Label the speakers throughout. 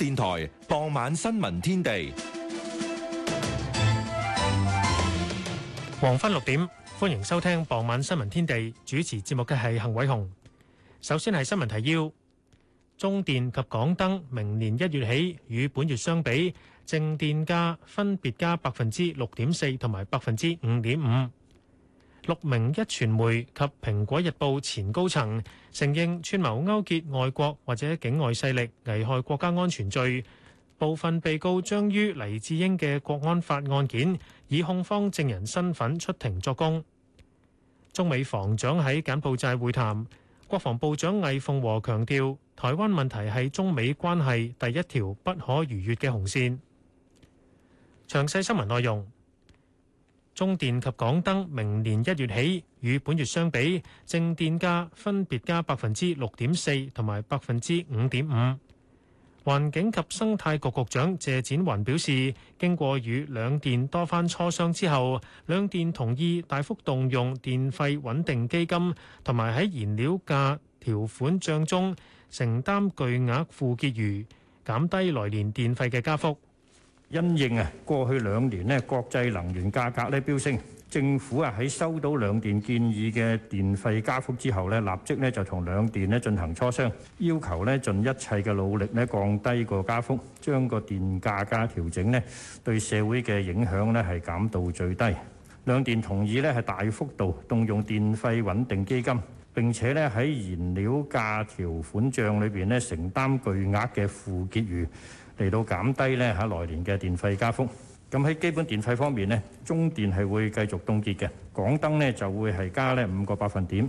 Speaker 1: 電台
Speaker 2: 傍晚新聞天地，黃昏六點，歡迎收聽傍晚新聞天地。主持節目嘅係幸偉雄。首先係新聞提要：中電及港燈明年一月起與本月相比，淨電價分別加百分之六點四同埋百分之五點五。六名一傳媒及蘋果日報前高層承認串謀勾結外國或者境外勢力危害國家安全罪，部分被告將於黎智英嘅國安法案件以控方證人身份出庭作供。中美防長喺柬埔寨會談，國防部長魏鳳和強調，台灣問題係中美關係第一條不可逾越嘅紅線。詳細新聞內容。中電及港燈明年一月起與本月相比，正電價分別加百分之六點四同埋百分之五點五。5. 5環境及生態局局長謝展寰表示，經過與兩電多番磋商之後，兩電同意大幅動用電費穩定基金，同埋喺燃料價條款帳中承擔巨額負結餘，減低來年電費嘅加幅。因應啊，過去兩年咧國際能源價格咧
Speaker 3: 飆升，政府啊喺收到兩電建議嘅電費加幅之後咧，立即咧就同兩電咧進行磋商，要求咧盡一切嘅努力咧降低個加幅，將個電價格調整咧對社會嘅影響咧係減到最低。兩電同意咧係大幅度動用電費穩定基金，並且咧喺燃料價條款帳裏邊咧承擔巨額嘅負結餘。嚟到減低咧嚇來年嘅電費加幅，咁喺基本電費方面咧，中電係會繼續凍結嘅，港燈咧就會係加咧五個百分點。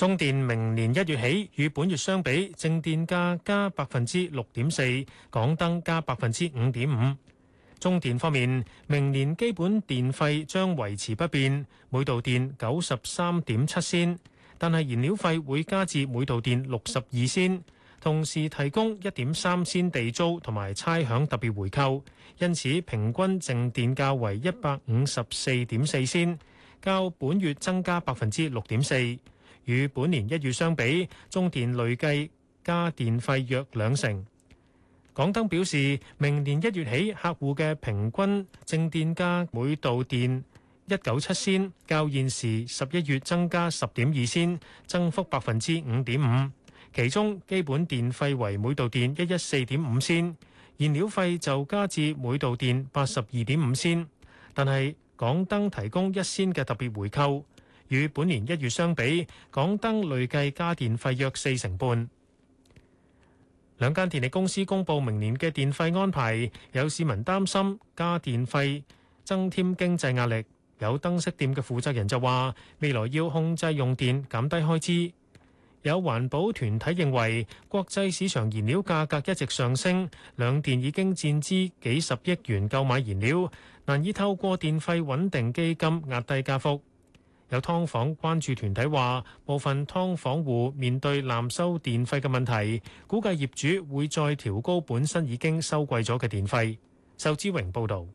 Speaker 2: 中電明年一月起與本月相比，正電價加百分之六點四，港燈加百分之五點五。中電方面，明年基本電費將維持不變，每度電九十三點七仙，但係燃料費會加至每度電六十二仙，同時提供一點三仙地租同埋差餉特別回扣，因此平均正電價為一百五十四點四仙，較本月增加百分之六點四。與本年一月相比，中電累計加電費約兩成。港燈表示，明年一月起，客戶嘅平均正電價每度電一九七仙，較現時十一月增加十點二仙，增幅百分之五點五。其中基本電費為每度電一一四點五仙，燃料費就加至每度電八十二點五仙。但係港燈提供一仙嘅特別回購。與本年一月相比，港燈累計加電費約四成半。兩間電力公司公布明年嘅電費安排，有市民擔心加電費增添經濟壓力。有燈飾店嘅負責人就話：未來要控制用電，減低開支。有環保團體認為，國際市場燃料價格一直上升，兩電已經佔資幾十億元購買燃料，難以透過電費穩定基金壓低加幅。有㓥房關注團體話，部分劏房戶面對濫收電費嘅問題，估計業主會再調高本身已經收貴咗嘅電費。仇之榮報導。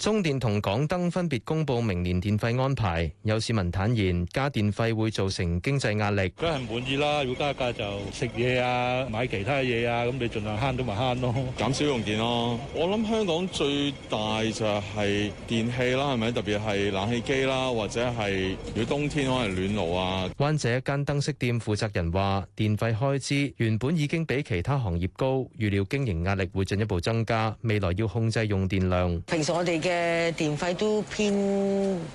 Speaker 2: 中電同港燈分別公布，明年電費安排，
Speaker 4: 有市民坦言加電費會造成經濟壓力。
Speaker 1: 梗係唔滿意啦，如果加價就食嘢啊，買其他嘢啊，咁你盡量慳到咪慳咯，
Speaker 5: 減少用電咯。我諗香港最大就係電器啦，係咪？特別係冷氣機啦，或者係如果冬天可能暖爐啊。
Speaker 4: 灣仔一間燈飾店負責人話，電費開支原本已經比其他行業高，預料經營壓力會進一步增加，未來要控制用電量。
Speaker 6: 平時我哋嘅。嘅電費都偏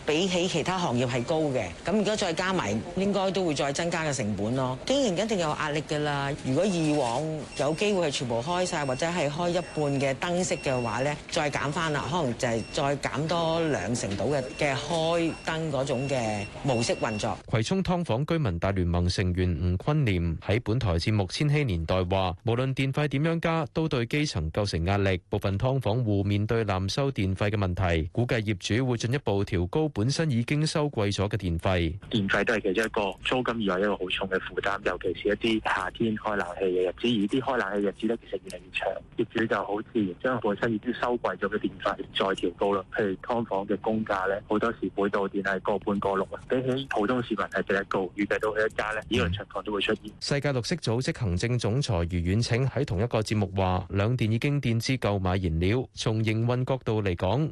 Speaker 6: 比起其他行業係高嘅，咁如果再加埋，應該都會再增加嘅成本咯。經營一定有壓力㗎啦。如果以往有機會係全部開曬，或者係開一半嘅燈式嘅話咧，再減翻啦，可能就係再減多兩成度嘅嘅開燈嗰種嘅模式運作。
Speaker 4: 葵涌劏房居民大聯盟成員吳坤廉喺本台節目《千禧年代》話：無論電費點樣加，都對基層構成壓力。部分劏房戶面對濫收電費嘅問問題估計業主會進一步調高本身已經收貴咗嘅電費，電費都係其中一個，租金以外一個好重嘅負擔，尤其是一啲夏
Speaker 2: 天開冷氣嘅日子，而啲開冷氣嘅日子咧，其實越嚟越長，業主就好自然將本身已經收貴咗嘅電費再調高啦。譬如劏房嘅工價咧，好多時每度電係個半
Speaker 1: 個六啊，比起普通市民係第一高，預計到佢一家呢，呢個情況都會出現。
Speaker 4: 嗯。世界綠色組織行政總裁余遠騁喺同一個節目話，兩電已經墊資購買燃料，從營運角度嚟講。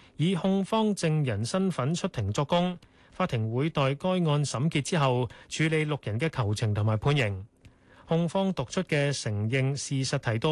Speaker 2: 以控方證人身份出庭作供，法庭會待該案審結之後處理六人嘅求情同埋判刑。控方讀出嘅承認事實提到，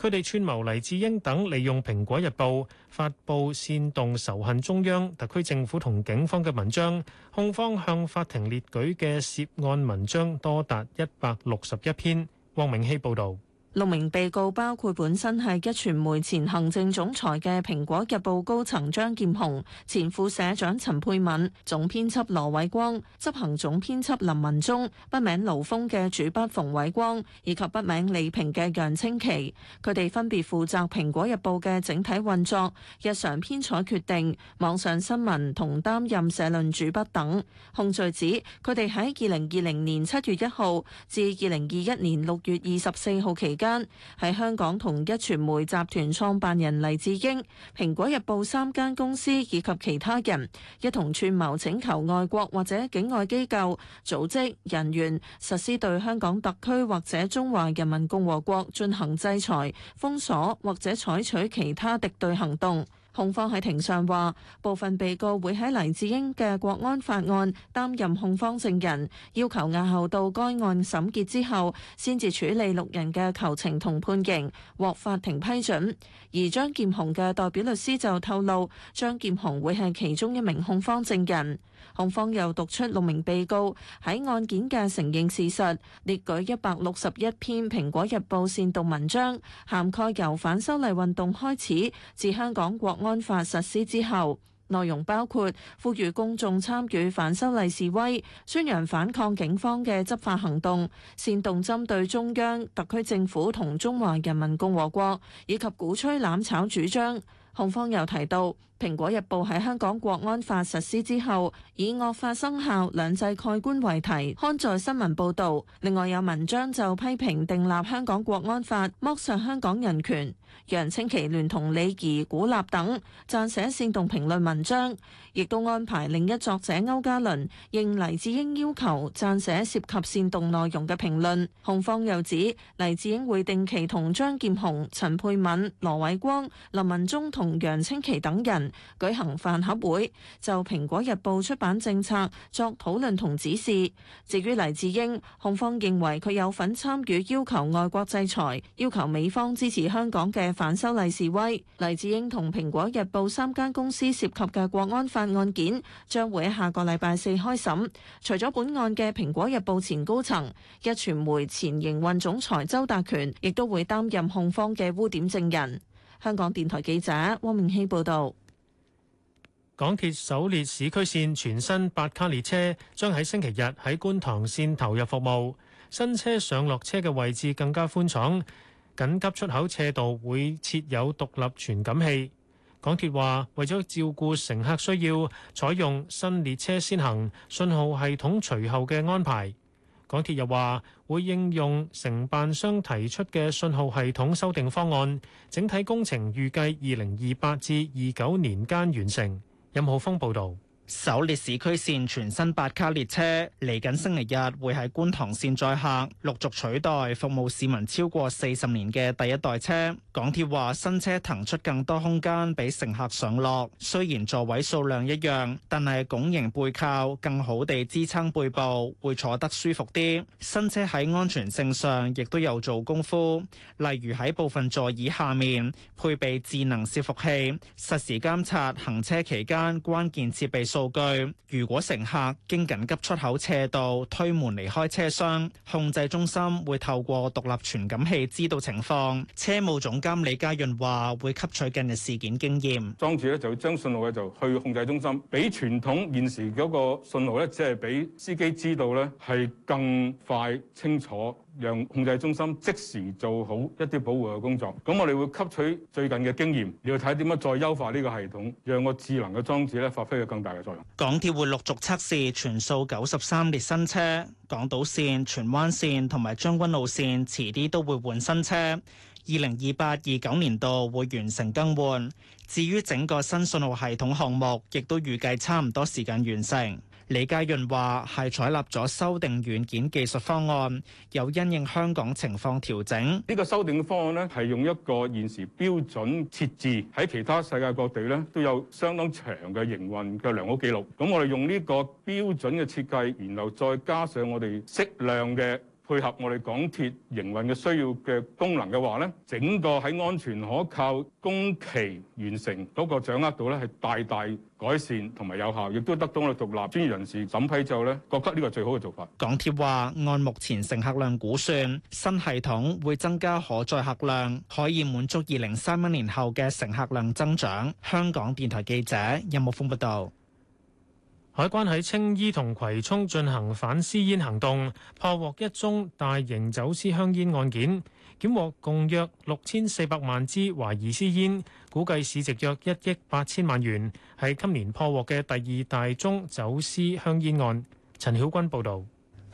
Speaker 2: 佢哋串謀黎智英等利用《蘋果日報》發佈煽動仇恨中央、特區政府同警方嘅文章。控方向法庭列舉嘅涉案文章多達一百六十一篇。汪明希報道。
Speaker 7: 六名被告包括本身係一傳媒前行政總裁嘅《蘋果日報》高層張劍雄、前副社長陳沛敏、總編輯羅偉光、執行總編輯林文忠、筆名盧峰嘅主筆馮偉光，以及筆名李平嘅楊清奇。佢哋分別負責蘋果日報嘅整體運作、日常編採決定、網上新聞同擔任社論主筆等。控罪指佢哋喺二零二零年七月一號至二零二一年六月二十四號期間。間喺香港壹傳媒集團創辦人黎智英、《蘋果日報》三間公司以及其他人一同串謀請求外國或者境外機構、組織人員實施對香港特區或者中華人民共和國進行制裁、封鎖或者採取其他敵對行動。控方喺庭上話，部分被告會喺黎智英嘅國安法案擔任控方證人，要求押後到該案審結之後先至處理六人嘅求情同判刑，獲法庭批准。而張劍雄嘅代表律師就透露，張劍雄會係其中一名控方證人。控方又讀出六名被告喺案件嘅承認事實，列舉一百六十一篇《蘋果日報》煽動文章，涵蓋由反修例運動開始至香港國安法實施之後，內容包括呼籲公眾參與反修例示威、宣揚反抗警方嘅執法行動、煽動針對中央、特區政府同中華人民共和國，以及鼓吹攬炒主張。控方又提到，《蘋果日報》喺香港國安法實施之後，以惡法生效、兩制蓋棺為題刊載新聞報導。另外有文章就批評訂立香港國安法剝削香港人權。楊清奇聯同李怡、古立等撰寫煽動評論文章，亦都安排另一作者歐嘉倫應黎智英要求撰寫涉及煽動內容嘅評論。控方又指黎智英會定期同張劍虹、陳佩敏、羅偉光、林文忠同楊清奇等人。舉行飯盒會，就《蘋果日報》出版政策作討論同指示。至於黎智英，控方認為佢有份參與要求外國制裁、要求美方支持香港嘅反修例示威。黎智英同《蘋果日報》三間公司涉及嘅國安法案件，將會喺下個禮拜四開審。除咗本案嘅《蘋果日報》前高層、《一傳媒》前營運總裁周達權，亦都會擔任控方嘅污點證人。香港電台記者汪明希報道。
Speaker 2: 港鐵首列市區線全新八卡列車將喺星期日喺觀塘線投入服務，新車上落車嘅位置更加寬敞，緊急出口斜道會設有獨立傳感器。港鐵話為咗照顧乘客需要，採用新列車先行，信號系統隨後嘅安排。港鐵又話會應用承辦商提出嘅信號系統修訂方案，整體工程預計二零二八至二九年間完
Speaker 8: 成。任浩峰報道。首列市區線全新八卡列車嚟緊，星期日會喺觀塘線載客，陸續取代服務市民超過四十年嘅第一代車。港鐵話，新車騰出更多空間俾乘客上落，雖然座位數量一樣，但係拱形背靠更好地支撐背部，會坐得舒服啲。新車喺安全性上亦都有做功夫，例如喺部分座椅下面配備智能伺服器，實時監察行車期間關鍵設備數數據，如果乘客經緊急出口斜道推門離開車廂，控制中心會透過獨立傳感器知道情況。車務總監李家潤話：會吸取近日事件經驗，
Speaker 5: 裝置咧就將信號咧就去控制中心，比傳統現時嗰個信號咧，即係俾司機知道咧係更快清楚。讓控制中心即時做好一啲保護嘅工作。咁我哋會吸取最近嘅經驗，要睇點樣再優化呢個系統，讓個智能嘅裝置咧發揮佢更大嘅作用。
Speaker 8: 港鐵會陸續測試全數九十三列新車，港島線、荃灣線同埋將軍澳線遲啲都會換新車，二零二八二九年度會完成更換。至於整個新信號系統項目，亦都預計差唔多時間完成。李家潤話：係採納咗修訂軟件技術方案，有因應香港情況調整。呢個修訂嘅方
Speaker 5: 案咧，係用一個現時標準設置，喺其他世界各地咧都有相當長嘅營運嘅良好記錄。咁我哋用呢個標準嘅設計，然後再加上我哋適量嘅。配合我哋港鐵營運嘅需要嘅功能嘅話，呢整個喺安全可靠、工期完成嗰個掌握度咧，係大大改善同埋有效，亦都得到我哋獨立專業人士審批之後咧，覺得呢個最好嘅做法。
Speaker 8: 港鐵話，按目前乘客量估算，新系統會增加可載客量，可以滿足二零三一年後嘅乘客量增長，香港電台記者任木峯報道。有海關喺青衣同葵涌進行反私
Speaker 2: 煙行動，破獲一宗大型走私香煙案件，檢獲共約六千四百萬支懷疑私煙，估計市值約一億八千萬元，係今年破獲嘅第二大宗走私香煙案。陳曉君報導。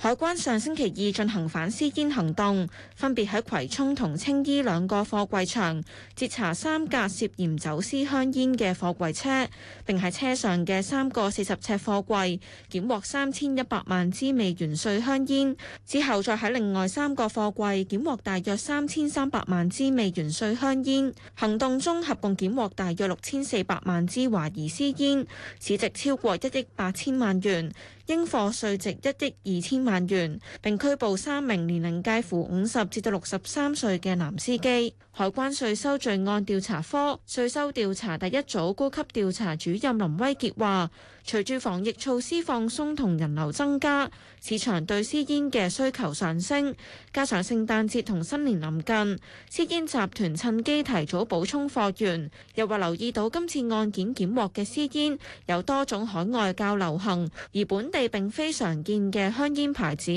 Speaker 9: 海關上星期二進行反私煙行動，分別喺葵涌同青衣兩個貨櫃場截查三架涉嫌走私香煙嘅貨櫃車，並喺車上嘅三個四十尺貨櫃檢獲三千一百萬支未完稅香煙。之後再喺另外三個貨櫃檢獲大約三千三百萬支未完稅香煙。行動中合共檢獲大約六千四百萬支懷疑私煙，市值超過一億八千萬元。應課稅值一億二千萬元，並拘捕三名年齡介乎五十至六十三歲嘅男司機。海關稅收罪案調查科稅收調查第一組高級調查主任林威杰話，隨住防疫措施放鬆同人流增加，市場對私煙嘅需求上升，加上聖誕節同新年臨近，私煙集團趁機提早補充貨源。又話留意到今次案件檢獲嘅私煙有多種海外較流行而本地並非常見嘅香煙牌子，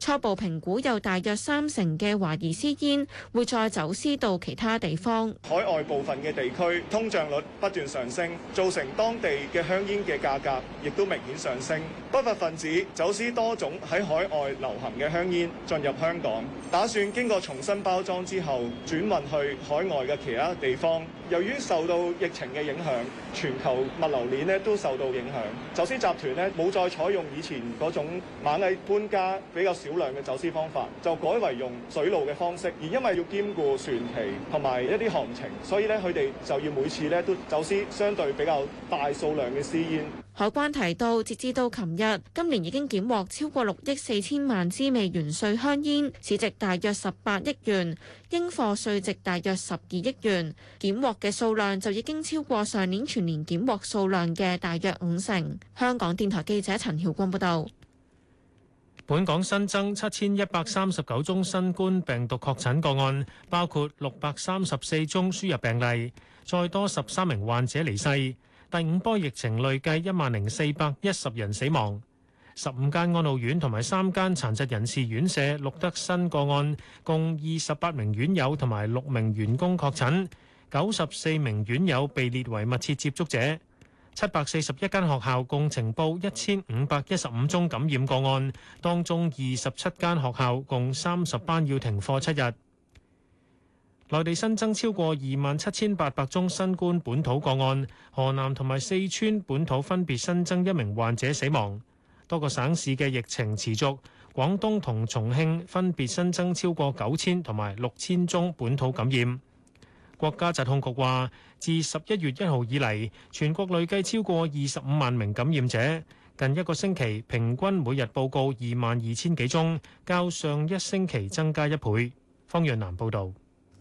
Speaker 9: 初步評估有大約三成嘅懷疑私煙會再走私到。其他地方。
Speaker 1: 海外部分嘅地區通脹率不斷上升，造成當地嘅香煙嘅價格亦都明顯上升。不法分子走私多種喺海外流行嘅香煙進入香港，打算經過重新包裝之後轉運去海外嘅其他地方。由於受到疫情嘅影響，全球物流鏈咧都受到影響，走私集團咧冇再採用以前嗰種螞蟻搬家比較少量嘅走私方法，就改為用水路嘅方式，而因為要兼顧船期。同埋一啲行情，所以咧，佢哋就要每次咧都走私相對比較大數量嘅私煙。
Speaker 9: 海關提到，截至到琴日，今年已經檢獲超過六億四千萬支未完稅香煙，市值大約十八億元，應貨稅值大約十二億元，檢獲嘅數量就已經超過上年全年檢獲數量嘅大約五成。香港電台記者陳曉光報道。
Speaker 2: 本港新增七千一百三十九宗新冠病毒確診個案，包括六百三十四宗輸入病例，再多十三名患者離世。第五波疫情累計一萬零四百一十人死亡。十五間安老院同埋三間殘疾人士院舍錄得新個案，共二十八名院友同埋六名員工確診，九十四名院友被列為密切接觸者。七百四十一間學校共呈報一千五百一十五宗感染個案，當中二十七間學校共三十班要停課七日。內地新增超過二萬七千八百宗新冠本土個案，河南同埋四川本土分別新增一名患者死亡。多個省市嘅疫情持續，廣東同重慶分別新增超過九千同埋六千宗本土感染。國家疾控局話，自十一月一號以嚟，全國累計超過二十五萬名感染者，近一個星期平均每日報告二萬二千幾宗，較上一星期增加一倍。方潤南報導。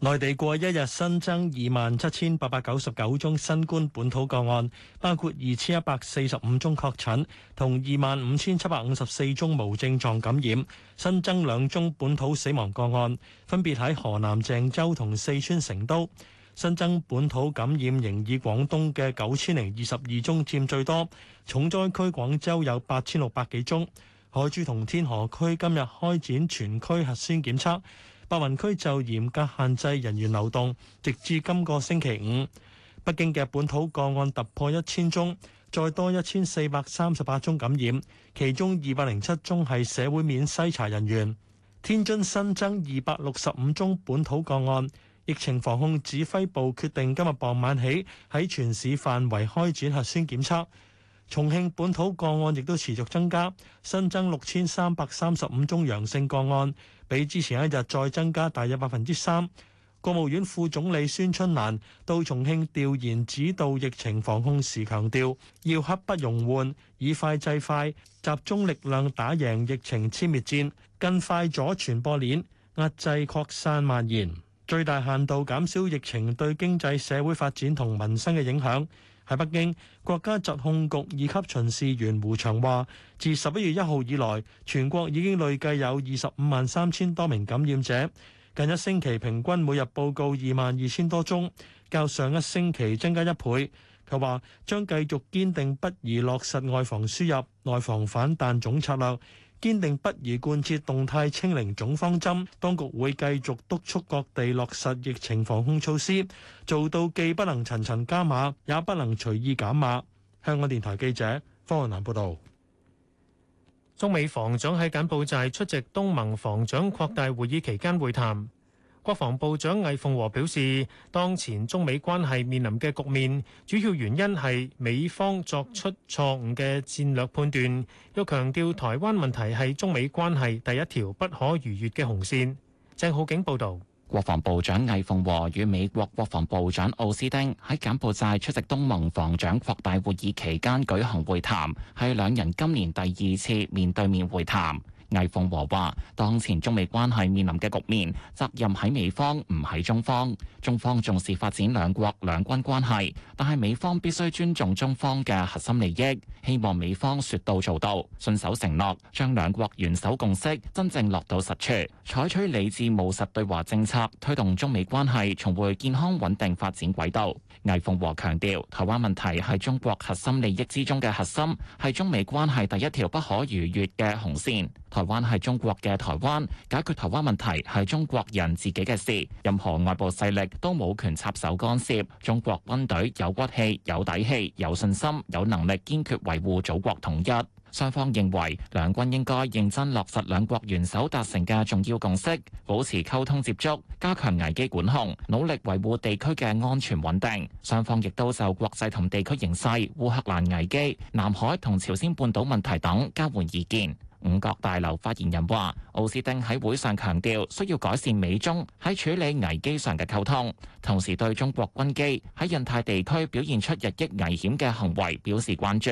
Speaker 2: 內地
Speaker 1: 過一日新增二萬七千八百九十九宗新冠本土個案，包括二千一百四十五宗確診同二萬五千七百五十四宗無症狀感染，新增兩宗本土死亡個案，分別喺河南鄭州同四川成都。新增本土感染仍以廣東嘅九千零二十二宗佔最多，重災區廣州有八千六百幾宗。海珠同天河區今日開展全區核酸檢測。白雲區就嚴格限制人員流動，直至今個星期五。北京嘅本土個案突破一千宗，再多一千四百三十八宗感染，其中二百零七宗係社會面篩查人員。天津新增二百六十五宗本土個案，疫情防控指揮部決定今日傍晚起喺全市範圍開展核酸檢測。重慶本土個案亦都持續增加，新增六千三百三十五宗陽性個案，比之前一日再增加大約百分之三。國務院副總理孫春蘭到重慶調研指導疫情防控時強調，要刻不容緩，以快制快，集中力量打贏疫情殲滅戰，更快阻傳播鏈，壓制擴散蔓延，嗯、最大限度減少疫情對經濟社會發展同民生嘅影響。喺北京，國家疾控局二級巡視員胡翔話：自十一月一號以來，全國已經累計有二十五萬三千多名感染者。近一星期平均每日報告二萬二千多宗，較上一星期增加一倍。佢話將繼續堅定不移落實外防輸入、內防反彈總策略。堅定不移貫徹動態清零總方針，當局會繼續督促各地落實疫情防控措施，做到既不能層層加碼，也不能隨意減碼。
Speaker 2: 香港電台記者方翰南報道。中美防長喺柬埔寨出席東盟防長擴大會議期間會談。國防部長魏鳳和表示，當前中美關係面臨嘅局面，主要原因係美方作出錯誤嘅戰略判斷，又強調台灣問題係中美關係第一條不可逾越嘅紅線。鄭浩景報道。
Speaker 10: 國防部長魏鳳和與美國國防部長奧斯汀喺柬埔寨出席東盟防長擴大會議期間舉行會談，係兩人今年第二次面對面會談。魏鳳和話：當前中美關係面臨嘅局面，責任喺美方，唔喺中方。中方重視發展兩國兩軍關係，但係美方必須尊重中方嘅核心利益。希望美方說到做到，信守承諾，將兩國元首共識真正落到實處，採取理智務實對華政策，推動中美關係重回健康穩定發展軌道。魏鳳和強調：台灣問題係中國核心利益之中嘅核心，係中美關係第一條不可逾越嘅紅線。台灣係中國嘅台灣，解決台灣問題係中國人自己嘅事，任何外部勢力都冇權插手干涉。中國軍隊有骨氣、有底氣、有信心、有能力，堅決維護祖國統一。雙方認為，兩軍應該認真落實兩國元首達成嘅重要共識，保持溝通接觸，加強危機管控，努力維護地區嘅安全穩定。雙方亦都就國際同地區形勢、烏克蘭危機、南海同朝鮮半島問題等交換意見。五角大樓發言人話，奧斯丁喺會上強調需要改善美中喺處理危機上嘅溝通，同時對中國軍機喺印太地區表現出日益危險嘅行為表示關注。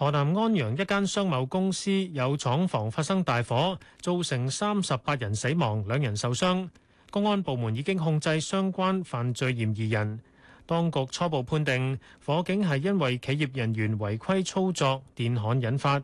Speaker 2: 河南安陽一間商貿公司有廠房發生大火，造成三十八人死亡，兩人受傷。公安部門已經控制相關犯罪嫌疑人。當局初步判定火警係因為企業人員違規操作電焊引發。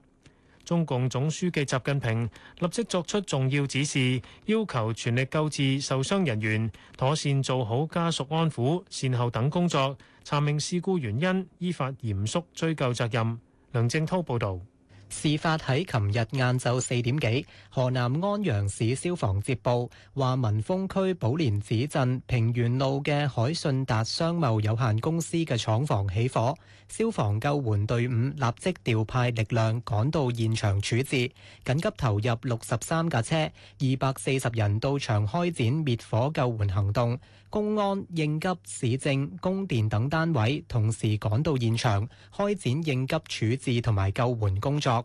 Speaker 2: 中共總書記習近平立即作出重要指示，要求全力救治受傷人員，妥善做好家屬安撫、善後等工作，查明事故原因，依法嚴肅追究
Speaker 11: 責任。梁正濤報道，事發喺琴日晏晝四點幾，河南安陽市消防接報，話文峰區寶蓮寺鎮平原路嘅海信達商貿有限公司嘅廠房起火。消防救援隊伍立即調派力量趕到現場處置，緊急投入六十三架車、二百四十人到場開展滅火救援行動。公安、應急、市政、供電等單位同時趕到現場開展應急處置同埋救援工作。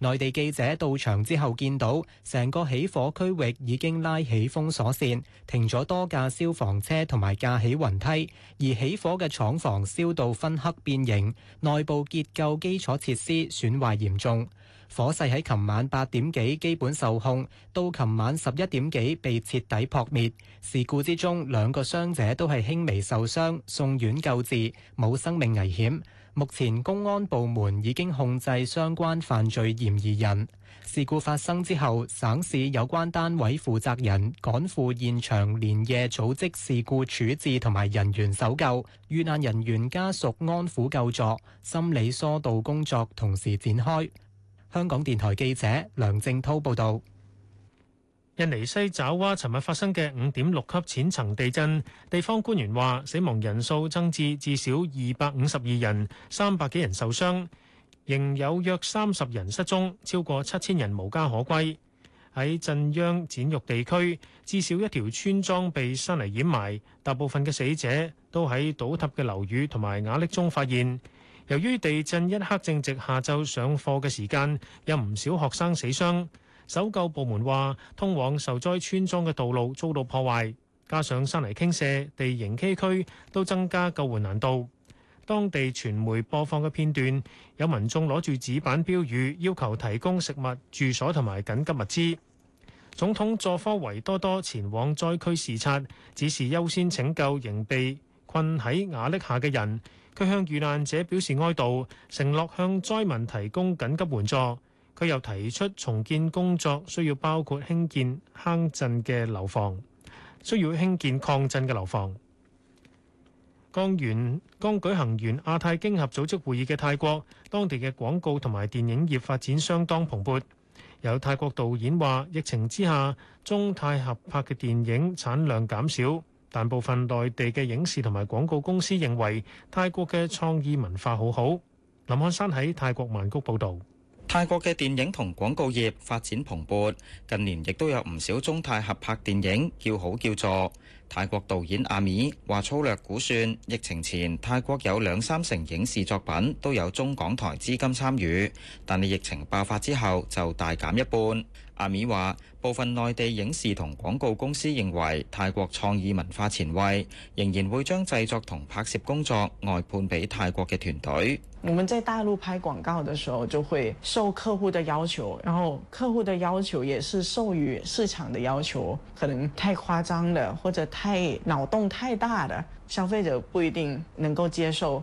Speaker 11: 內地記者到場之後，見到成個起火區域已經拉起封鎖線，停咗多架消防車同埋架起雲梯，而起火嘅廠房燒到分黑變形，內部結構基礎設施損壞嚴重。火勢喺琴晚八點幾基本受控，到琴晚十一點幾被徹底撲滅。事故之中，兩個傷者都係輕微受傷，送院救治，冇生命危險。目前公安部門已經控制相關犯罪嫌疑人。事故發生之後，省市有關單位負責人趕赴現場，連夜組織事故處置同埋人員搜救，遇難人員家屬安撫救助、心理疏導工作同時展開。香港電台記者梁正濤報道。
Speaker 2: 印尼西爪哇尋日發生嘅五點六級淺層地震，地方官員話死亡人數增至至少二百五十二人，三百幾人受傷，仍有約三十人失蹤，超過七千人無家可歸。喺震央展玉地區，至少一條村莊被山泥掩埋，大部分嘅死者都喺倒塌嘅樓宇同埋瓦礫中發現。由於地震一刻正值下晝上課嘅時間，有唔少學生死傷。搜救部門話，通往受災村莊嘅道路遭到破壞，加上山泥傾瀉、地形崎嶇，都增加救援難度。當地傳媒播放嘅片段，有民眾攞住紙板標語，要求提供食物、住所同埋緊急物資。總統佐科維多多前往災區視察，指示優先拯救仍被困喺瓦礫下嘅人。佢向遇難者表示哀悼，承諾向災民提供緊急援助。佢又提出重建工作需要包括興建抗震嘅樓房，需要興建抗震嘅樓房。剛完剛舉行完亞太經合組織會議嘅泰國，當地嘅廣告同埋電影業發展相當蓬勃。有泰國導演話，疫情之下，中泰合拍嘅電影產量減少，但部分內地嘅影視同埋廣告公司認為泰國嘅創意文化好好。林漢山喺泰國曼谷報道。
Speaker 12: 泰國嘅電影同廣告業發展蓬勃，近年亦都有唔少中泰合拍電影叫好叫座。泰國導演阿米話，粗略估算，疫情前泰國有兩三成影視作品都有中港台資金參與，但係疫情爆發之後就大減一半。阿咪話：部分內地影視同廣告公司認為泰國創意文化前衞，仍然會將製作同拍攝工作外判俾泰國嘅團隊。
Speaker 6: 我們在大陸拍廣告嘅時候，就會受客戶的要求，然後客戶的要求也是受於市場的要求，可能太誇張的或者太腦洞太大的，消費者不一定能夠接受。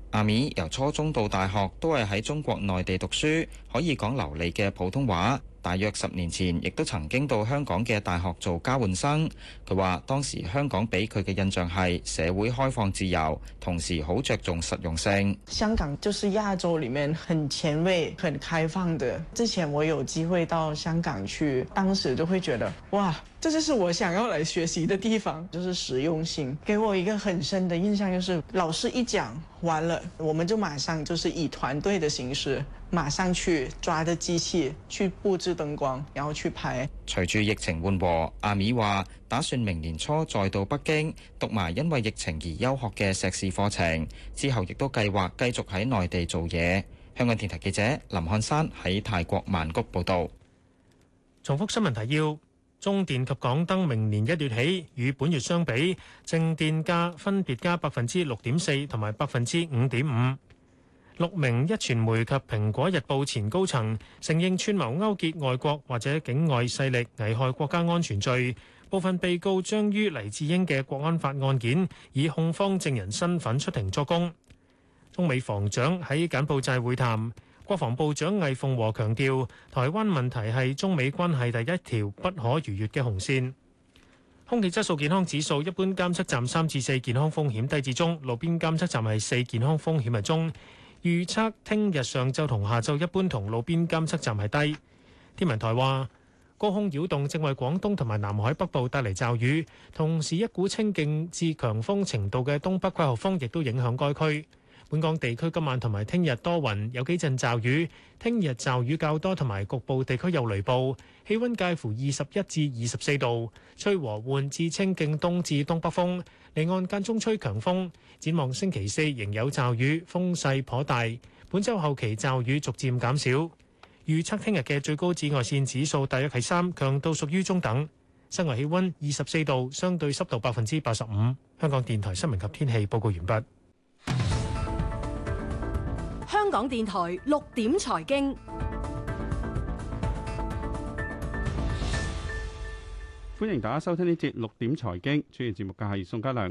Speaker 12: 阿咪由初中到大學都係喺中國內地讀書，可以講流利嘅普通話。大約十年前，亦都曾經到香港嘅大學做交換生。佢話當時香港畀佢嘅印象係社會開放自由，同時好着重實用性。
Speaker 6: 香港就是亞洲裡面很前衛、很開放的。之前我有機會到香港去，當時就會覺得哇！這就是我想要來學習的地方，就是實用性。給我一個很深的印象，就是老師一講完了，我們就馬上就是以團隊的形式，馬上去抓着機器，去布置燈光，然後去拍。
Speaker 12: 隨住疫情緩和，阿米話打算明年初再到北京讀埋因為疫情而休學嘅碩士課程，之後亦都計劃繼續喺內地做嘢。香港電台記者林漢山喺泰國曼谷報
Speaker 2: 道。重複新聞提要。中電及港燈明年一月起，與本月相比，淨電價分別加百分之六點四同埋百分之五點五。六名壹傳媒及蘋果日報前高層承認串謀勾結外國或者境外勢力危害國家安全罪，部分被告將於黎智英嘅國安法案件以控方證人身份出庭作供。中美防長喺柬埔寨會談。國防部長魏鳳和強調，台灣問題係中美關係第一條不可逾越嘅紅線。空氣質素健康指數，一般監測站三至四，健康風險低至中，路邊監測站係四，健康風險係中。預測聽日上晝同下晝一般同路邊監測站係低。天文台話，高空擾動正為廣東同埋南海北部帶嚟驟雨，同時一股清勁至強風程度嘅東北季候風亦都影響該區。本港地區今晚同埋聽日多雲，有幾陣驟雨。聽日驟雨較多，同埋局部地區有雷暴。氣温介乎二十一至二十四度，吹和緩至清勁東至東北風。離岸間中吹強風。展望星期四仍有驟雨，風勢頗大。本週後期驟雨逐漸減，減少。預測聽日嘅最高紫外線指數大約係三，強度屬於中等。室外氣温二十四度，相對濕度百分之八十五。香港電台新聞及天氣報告完畢。
Speaker 13: 香港電台六點財經，
Speaker 14: 歡迎大家收聽呢節六點財經。主持節目嘅係宋嘉良。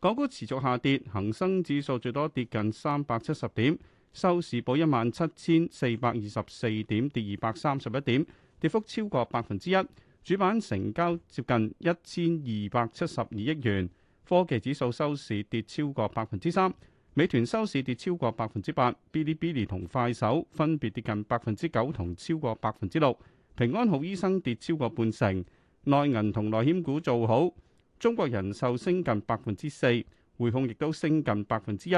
Speaker 14: 港股持續下跌，恒生指數最多跌近三百七十點，收市報一萬七千四百二十四點，跌二百三十一點，跌幅超過百分之一。主板成交接近一千二百七十二億元，科技指數收市跌超過百分之三。美團收市跌超過百分之八，Bilibili 同快手分別跌近百分之九同超過百分之六。平安好醫生跌超過半成，內銀同內險股做好，中國人壽升近百分之四，匯控亦都升近百分之一。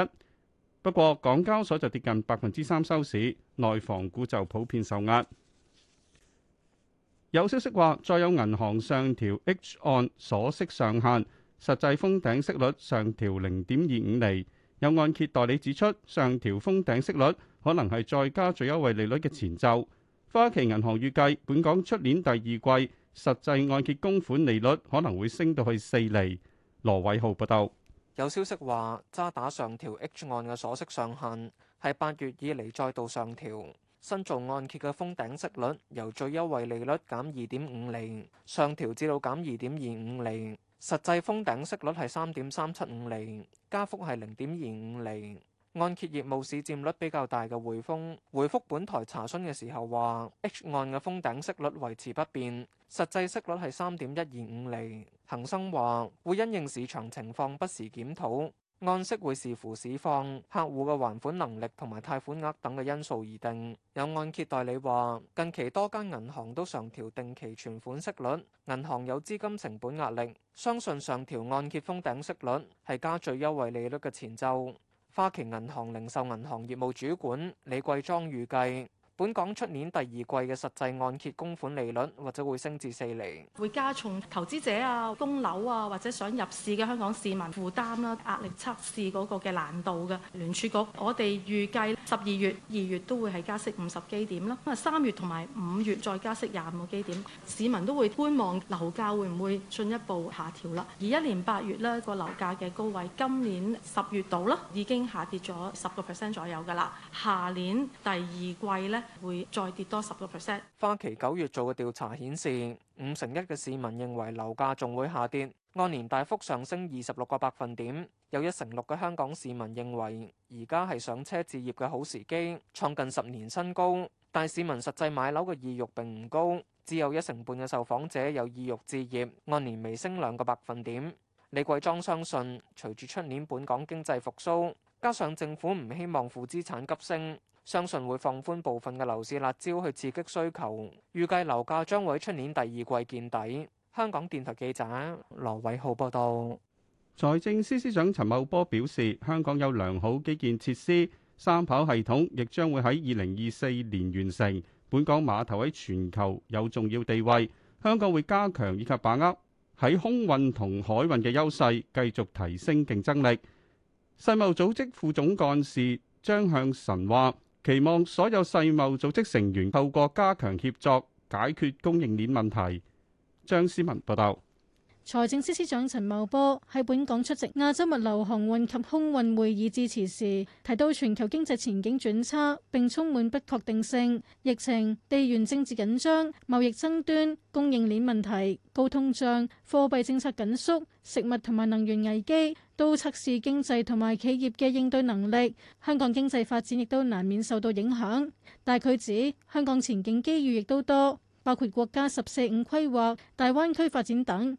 Speaker 14: 不過港交所就跌近百分之三收市，內房股就普遍受壓。有消息話，再有銀行上調 H 按鎖息上限，實際封頂息率上調零點二五厘。有按揭代理指出，上調封頂息率可能係再加最優惠利率嘅前奏。花旗銀行預計本港出年第二季實際按揭供款利率可能會升到去四厘，羅偉浩報道。
Speaker 15: 有消息話，渣打上調 H 案嘅鎖息上限係八月以嚟再度上調，新造按揭嘅封頂息率由最優惠利率減二點五厘上調至到減二點二五厘。實際封頂息率係三點三七五厘，加幅係零點二五厘。按揭業務市佔率比較大嘅匯豐回覆本台查詢嘅時候話，H 按嘅封頂息率維持不變，實際息率係三點一二五厘。恒生話會因應市場情況不時檢討。按息會視乎市況、客戶嘅還款能力同埋貸款額等嘅因素而定。有按揭代理話：近期多間銀行都上調定期存款息率，銀行有資金成本壓力，相信上調按揭封頂息率係加最優惠利率嘅前奏。花旗銀行零售銀行業務主管李桂莊預計。本港出年第二季嘅實際按揭供款利率或者會升至四厘，
Speaker 13: 會加重投資者啊供樓啊或者想入市嘅香港市民負擔啦，壓力測試嗰個嘅難度嘅聯儲局，我哋預計十二月、二月都會係加息五十基點啦，咁啊三月同埋五月再加息廿五個基點，市民都會觀望樓價會唔會進一步下調啦。而一年八月呢個樓價嘅高位，今年十月度啦已經下跌咗十個 percent 左右㗎啦，下年第二季咧，會再跌多十六 percent。
Speaker 15: 花旗九月做嘅調查顯示，五成一嘅市民認為樓價仲會下跌，按年大幅上升二十六個百分點。有一成六嘅香港市民認為而家係上車置業嘅好時機，創近十年新高。但市民實際買樓嘅意欲並唔高，只有一成半嘅受訪者有意欲置業，按年微升兩個百分點。李桂莊相信，隨住出年本港經濟復甦，加上政府唔希望負資產急升。相信會放寬部分嘅樓市辣招去刺激需求，預計樓價將會出年第二季見底。香港電台記者
Speaker 14: 羅偉浩報道。財政司司長陳茂波表示，香港有良好基建設施，三跑系統亦將會喺二零二四年完成。本港碼頭喺全球有重要地位，香港會加強以及把握喺空運同海運嘅優勢，繼續提升競爭力。世貿組織副總幹事張向晨話，期望所有世貿組織成員透過加強協作，解決供應鏈問題。張思文報道。
Speaker 13: 財政司司長陳茂波喺本港出席亞洲物流航運及空運會議致辭時，提到全球經濟前景轉差，並充滿不確定性。疫情、地緣政治緊張、貿易爭端、供應鏈問題、高通脹、貨幣政策緊縮、食物同埋能源危機，都測試經濟同埋企業嘅應對能力。香港經濟發展亦都難免受到影響，但佢指香港前景機遇亦都多，包括國家十四五規劃、大灣區發展等。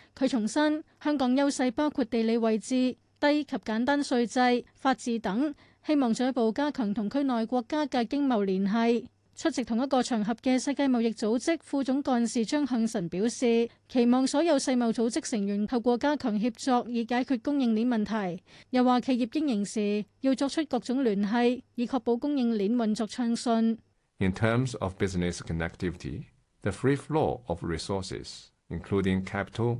Speaker 13: 佢重申香港優勢包括地理位置、低及簡單稅制、法治等，希望進一步加強同區內國家嘅經貿聯繫。出席同一個場合嘅世界貿易組織副總幹事張向晨表示，期望所有世貿組織成員透過加強協作，以解決供應鏈問題。又話企業經營時要作出各種聯繫，以確保供應鏈運作暢順。
Speaker 10: In terms of business connectivity, the free flow of resources, including capital.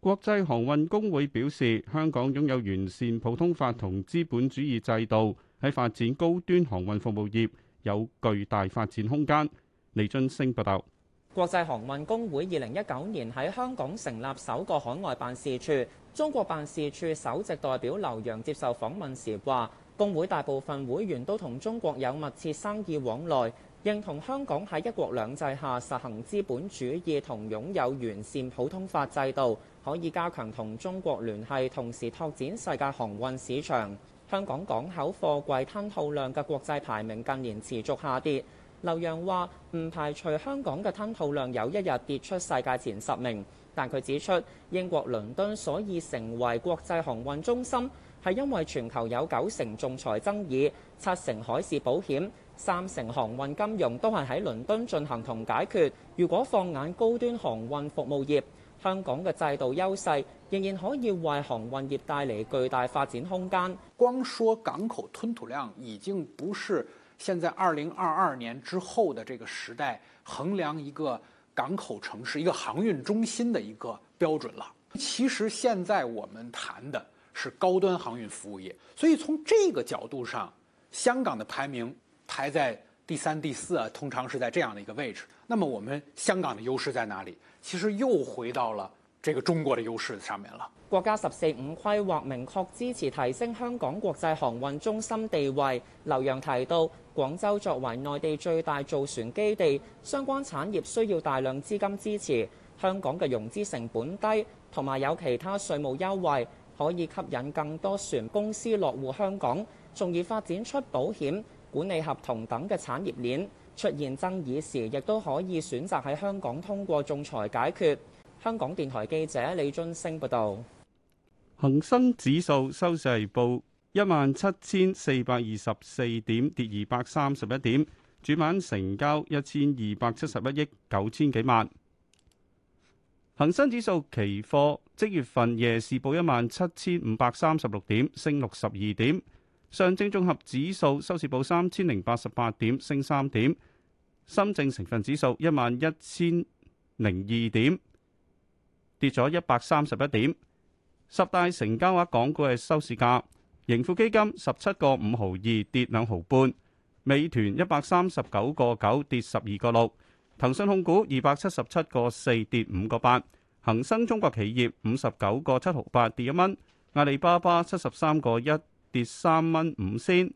Speaker 14: 國際航運工會表示，香港擁有完善普通法同資本主義制度，喺發展高端航運服務業有巨大發展空間。李津升報道。
Speaker 16: 國際航運工會二零一九年喺香港成立首個海外辦事處，中國辦事處首席代表劉洋接受訪問時話，工會大部分會員都同中國有密切生意往來，認同香港喺一國兩制下實行資本主義同擁有完善普通法制度。可以加強同中國聯繫，同時拓展世界航運市場。香港港口貨櫃吞吐量嘅國際排名近年持續下跌。劉揚話：唔排除香港嘅吞吐量有一日跌出世界前十名。但佢指出，英國倫敦所以成為國際航運中心，係因為全球有九成仲裁爭議、七成海事保險、三成航運金融都係喺倫敦進行同解決。如果放眼高端航運服務業，香港嘅制度優勢仍然可以為航運業帶嚟巨大發展空間。光說港口吞吐量已經不是
Speaker 8: 現在二零二二年之後的這個時代衡量一個港口城市，一個航運中心的一個標準了。其實現在我們談的是高端航運服務業，所以從這個角度上，香港的排名排在第三，第四啊，通常是在這樣的一個位置。那麼我們香港的優勢在哪裏？其實又回到了這個中國的優勢上面了。
Speaker 16: 國家十四五規劃明確支持提升香港國際航運中心地位。劉洋提到，廣州作為內地最大造船基地，相關產業需要大量資金支持。香港嘅融資成本低，同埋有其他稅務優惠，可以吸引更多船公司落戶香港，從而發展出保險、管理合同等嘅產業鏈。出現爭議時，亦都可以選擇喺香港通過仲裁解決。香港電台記者李津星報道：
Speaker 14: 「恒生指數收市報一萬七千四百二十四點，跌二百三十一點。主板成交一千二百七十一億九千幾萬。恒生指數期貨即月份夜市報一萬七千五百三十六點，升六十二點。上證綜合指數收市報三千零八十八點，升三點。深證成分指數一萬一千零二點，跌咗一百三十一點。十大成交額港股嘅收市價，盈富基金十七個五毫二，跌兩毫半；美團一百三十九個九，跌十二個六；騰訊控股二百七十七個四，跌五個八；恒生中國企業五十九個七毫八，跌一蚊；阿里巴巴七十三個一，跌三蚊五仙；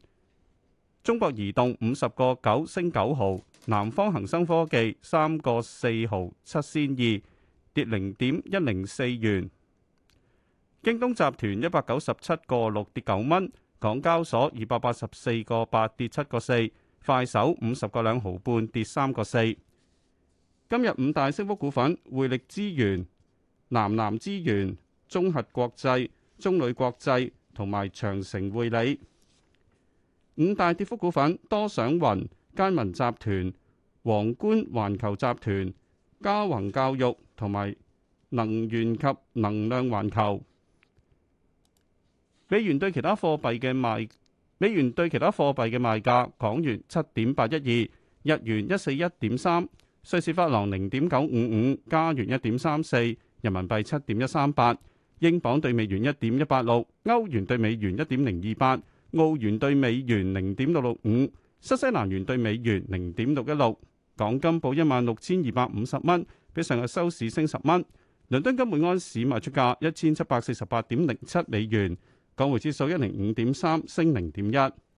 Speaker 14: 中國移動五十個九，升九毫。南方恒生科技三個四毫七仙二，跌零點一零四元。京東集團一百九十七個六跌九蚊。港交所二百八十四個八跌七個四。快手五十個兩毫半跌三個四。今日五大升幅股份：匯力資源、南南資源、中核國際、中旅國際同埋長城匯理。五大跌幅股份：多想雲。嘉民集團、皇冠環球集團、嘉宏教育同埋能源及能量環球。美元對其他貨幣嘅賣，美元對其他貨幣嘅賣價，港元七點八一二，日元一四一點三，瑞士法郎零點九五五，加元一點三四，人民幣七點一三八，英鎊對美元一點一八六，歐元對美元一點零二八，澳元對美元零點六六五。新西蘭元對美元零點六一六，港金報一萬六千二百五十蚊，比上日收市升十蚊。倫敦金每安士賣出價一千七百四十八點零七美元，港匯指數一零五點三升零點一。